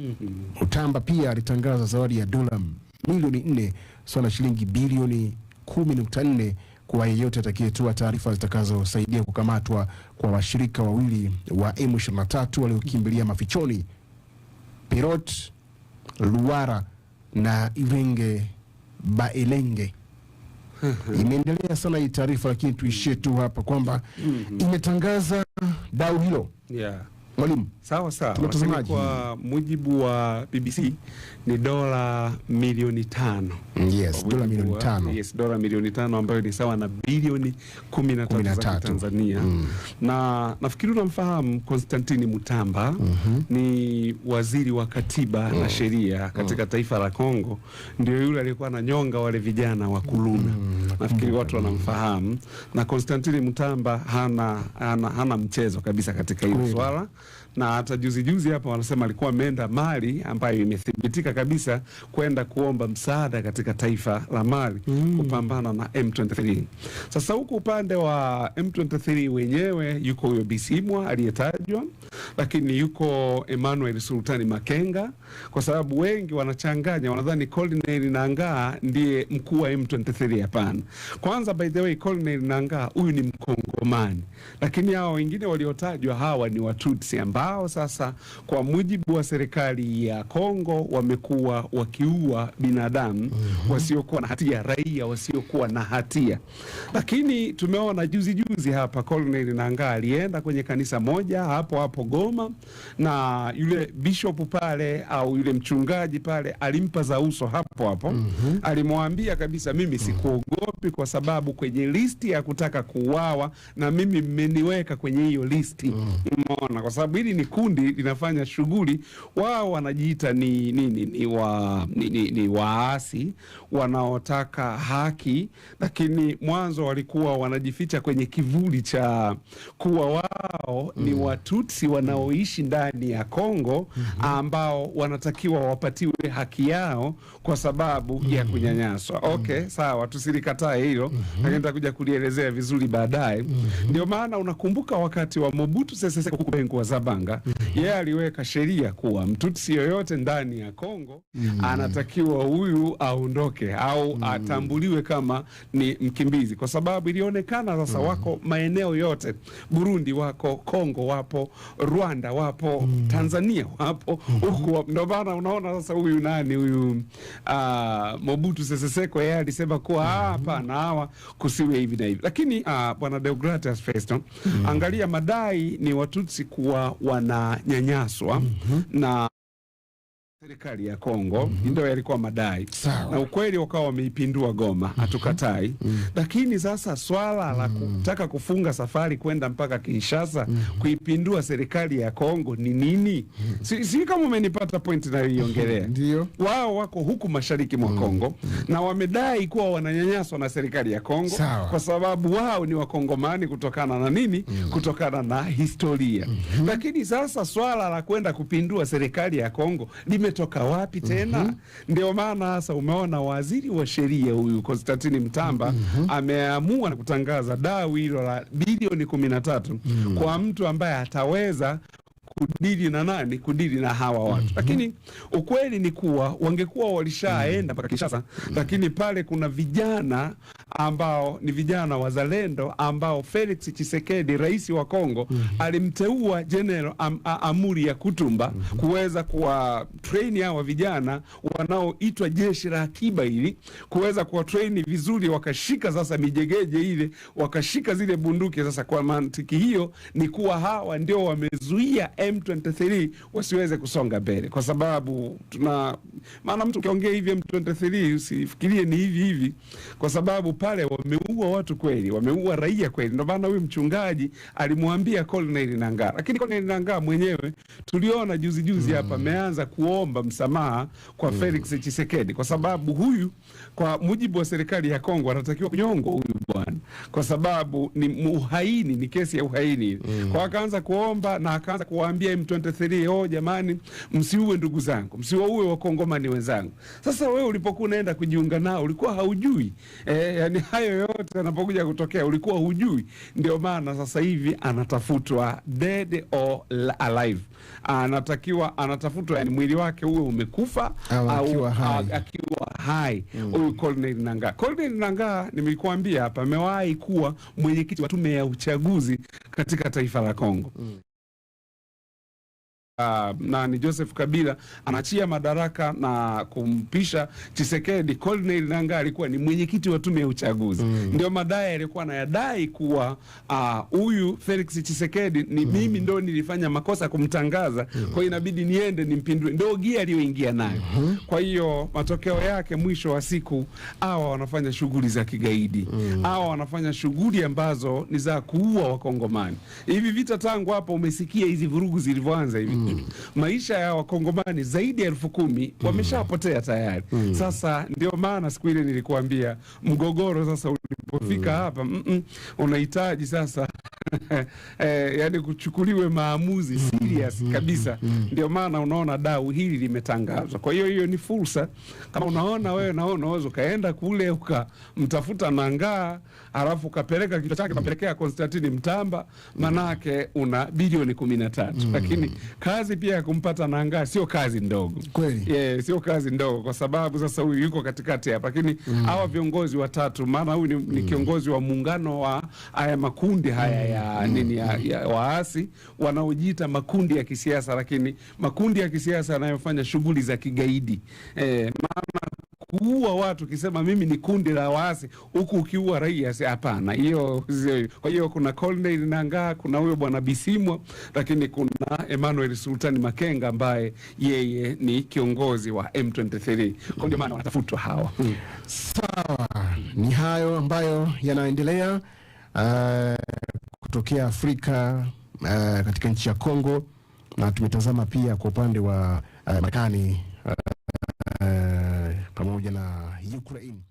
mm -hmm. Utamba pia alitangaza zawadi ya dola milioni nne sawa na shilingi bilioni kumi nukta nne kwa yeyote atakayetoa taarifa zitakazosaidia kukamatwa kwa washirika wawili wa M23 waliokimbilia mafichoni Pirot Luara na Ivenge Baelenge. Imeendelea sana hii taarifa, lakini tuishie tu hapa kwamba mm-hmm. imetangaza dau hilo yeah. Mwalimu, sawa sawa, tunasema kwa mujibu wa BBC ni dola milioni tano. Yes, dola milioni tano. Yes, dola milioni tano ambayo ni sawa na bilioni kumi na tatu za Tanzania. Mm. Na nafikiri unamfahamu Konstantini Mutamba mm -hmm. ni waziri wa katiba mm. na sheria katika mm. taifa la Kongo, ndio yule aliyekuwa ananyonga wale vijana wa Kuluna mm. nafikiri watu wanamfahamu, na Konstantini Mutamba hana, hana, hana mchezo kabisa katika hilo swala mm na hata juzi juzi hapa wanasema alikuwa ameenda Mali, ambayo imethibitika kabisa kwenda kuomba msaada katika taifa la Mali mm. kupambana na M23. Sasa huku upande wa M23 wenyewe yuko huyo Bisimwa aliyetajwa lakini yuko Emmanuel Sultani Makenga, kwa sababu wengi wanachanganya, wanadhani Colonel Nangaa ndiye mkuu wa M23. Hapana, kwanza, by the way, Colonel Nangaa huyu ni Mkongomani, lakini hao wengine waliotajwa hawa ni Watutsi ambao sasa kwa mujibu wa serikali ya Kongo wamekuwa wakiua binadamu mm -hmm. wasiokuwa na hatia, raia wasiokuwa na hatia, lakini tumeona juzi juzi hapa Colonel Nangaa alienda kwenye kanisa moja hapo hapo Dodoma, na yule bishop pale au yule mchungaji pale alimpa za uso hapo hapo mm -hmm. Alimwambia kabisa mimi mm. sikuogopi kwa sababu kwenye listi ya kutaka kuuawa na mimi mmeniweka kwenye hiyo listi mm -hmm. Umeona, kwa sababu hili ni kundi linafanya shughuli, wao wanajiita ni, ni, ni, ni, wa, ni, ni, ni waasi wanaotaka haki, lakini mwanzo walikuwa wanajificha kwenye kivuli cha kuwa wao mm -hmm. ni Watutsi wa wanaoishi ndani ya Kongo mhm. ambao wanatakiwa wapatiwe haki yao kwa sababu ya mhm. kunyanyaswa. Okay, mhm. sawa, tusilikatae hilo, lakini nitakuja kulielezea vizuri baadaye. Ndio maana unakumbuka wakati wa Mobutu Sese Seko Kuku wa Zabanga, yeye aliweka sheria kuwa Mtutsi yoyote ndani ya Kongo anatakiwa huyu aondoke au atambuliwe kama ni mkimbizi, kwa sababu ilionekana sasa wako maeneo yote Burundi, wako Kongo, wapo Rwanda wapo mm. Tanzania wapo mm-hmm. huku mm. Ndio maana unaona sasa huyu nani huyu uh, Mobutu Sese Seko yeye alisema kuwa ah, mm-hmm. hapana mm. hawa kusiwe hivi na hivi, lakini uh, bwana Deogratias Festo mm. Mm-hmm. angalia madai ni Watutsi kuwa wananyanyaswa mm -hmm. na Serikali ya Kongo mm -hmm. ndio yalikuwa madai Sawa. na ukweli ukawa wameipindua Goma, mm -hmm. mm -hmm. Lakini sasa swala la mhm. kutaka kufunga safari kwenda mpaka Kinshasa mm -hmm. kuipindua serikali ya Kongo ni nini? mm -hmm. si, si kama umenipata point nayoiongelea ndio wao wako huku mashariki mwa mhm. Kongo mm -hmm. na wamedai kuwa wananyanyaswa na serikali ya Kongo Sawa. kwa sababu wao ni Wakongomani kutokana na nini? mm -hmm. kutokana na historia mm -hmm. Lakini sasa swala la kwenda kupindua serikali ya Kongo lime umetoka wapi tena? mm -hmm. Ndio maana sasa umeona waziri wa sheria huyu Konstantini Mtamba mm -hmm. ameamua na kutangaza dawa hilo la bilioni kumi na tatu mm -hmm. kwa mtu ambaye ataweza kudili na nani, kudili na hawa watu mm -hmm. Lakini ukweli ni kuwa wangekuwa walishaenda mpaka mm -hmm. Kinshasa mm -hmm. Lakini pale kuna vijana ambao ni vijana wazalendo ambao Felix Tshisekedi, rais wa Kongo mm -hmm. alimteua General am, Amuri ya Kutumba mm -hmm. kuweza kuwa train hawa vijana wanaoitwa jeshi la akiba ili kuweza kuwa train vizuri, wakashika sasa mijegeje ile, wakashika zile bunduki. Sasa kwa mantiki hiyo ni kuwa hawa ndio wamezuia M23 wasiweze kusonga mbele, kwa sababu tuna maana, mtu ukiongea hivi M23 usifikirie ni hivi hivi, kwa sababu pale wameua watu kweli, wameua raia kweli. Ndio maana huyu mchungaji alimwambia Colonel Nangaa, lakini Colonel Nangaa mwenyewe tuliona juzi juzi hapa mm. ameanza kuomba msamaha kwa mm. Felix Chisekedi, kwa sababu huyu kwa mujibu wa serikali ya Kongo anatakiwa kunyongwa huyu bwana, kwa sababu ni uhaini, ni kesi ya uhaini mm. kwa akaanza kuomba na akaanza kuwa akawaambia M23, oh, jamani, msiuwe ndugu zangu, msiwauwe wakongomani wenzangu. Sasa wewe ulipokuwa unaenda kujiunga nao ulikuwa haujui e, yani hayo yote yanapokuja kutokea ulikuwa hujui. Ndio maana sasa hivi anatafutwa dead or alive, anatakiwa anatafutwa, yani mwili wake uwe umekufa au akiwa hai, akiwa hai. Mm. Huyu mm. Colonel Nangaa, Colonel Nangaa nimekuambia hapa amewahi kuwa mwenyekiti wa tume ya uchaguzi katika taifa la Kongo mm. Uh, ah, na ni Joseph Kabila anachia madaraka na kumpisha Chisekedi. Colonel Nanga alikuwa ni mwenyekiti wa tume ya uchaguzi mm. Ndio madai alikuwa anayadai kuwa ah, huyu uh, Felix Chisekedi ni mm. mimi ndo nilifanya makosa kumtangaza mm. Kwa hiyo inabidi niende nimpindue, ndio gia aliyoingia nayo mm -hmm. Kwa hiyo matokeo yake mwisho wa siku hawa wanafanya shughuli za kigaidi mm. hawa mm. wanafanya shughuli ambazo ni za kuua Wakongomani. Hivi vita tangu hapo, umesikia hizi vurugu zilivyoanza hivi mm mm. maisha ya wakongomani zaidi ya elfu kumi mm. wameshapotea tayari mm. Sasa ndio maana siku ile nilikuambia mgogoro sasa ulipofika mm. hapa mm -mm, unahitaji sasa eh, yani kuchukuliwe maamuzi mm, serious mm, kabisa mm, mm. Ndio maana unaona dau hili limetangazwa. Kwa hiyo hiyo ni fursa, kama unaona wewe, naona unaweza ukaenda kule ukamtafuta Nangaa alafu ukapeleka kichwa chake kapelekea Konstantini Mtamba, manake una bilioni kumi na tatu. Mm. Lakini kazi pia ya kumpata Nangaa sio kazi ndogo kweli, yeah, sio kazi ndogo kwa sababu sasa huyu yuko katikati hapa, lakini hawa mm. viongozi watatu, maana huyu ni, ni kiongozi wa muungano wa haya makundi haya ya ya mm. nini ya, ya waasi wanaojiita makundi ya kisiasa, lakini makundi ya kisiasa yanayofanya shughuli za kigaidi e, maana kuua watu ukisema mimi ni kundi la waasi huku ukiua raia, si hapana. Hiyo kwa hiyo kuna Colonel Nangaa, kuna huyo bwana Bisimwa, lakini kuna Emmanuel Sultani Makenga ambaye yeye ni kiongozi wa M23. Kwa ndio maana wanatafutwa hawa. Mm. Sawa, ni hayo ambayo yanaendelea uh, kutokea Afrika uh, katika nchi ya Kongo na tumetazama pia kwa upande wa uh, Marekani uh, uh, pamoja na Ukraine.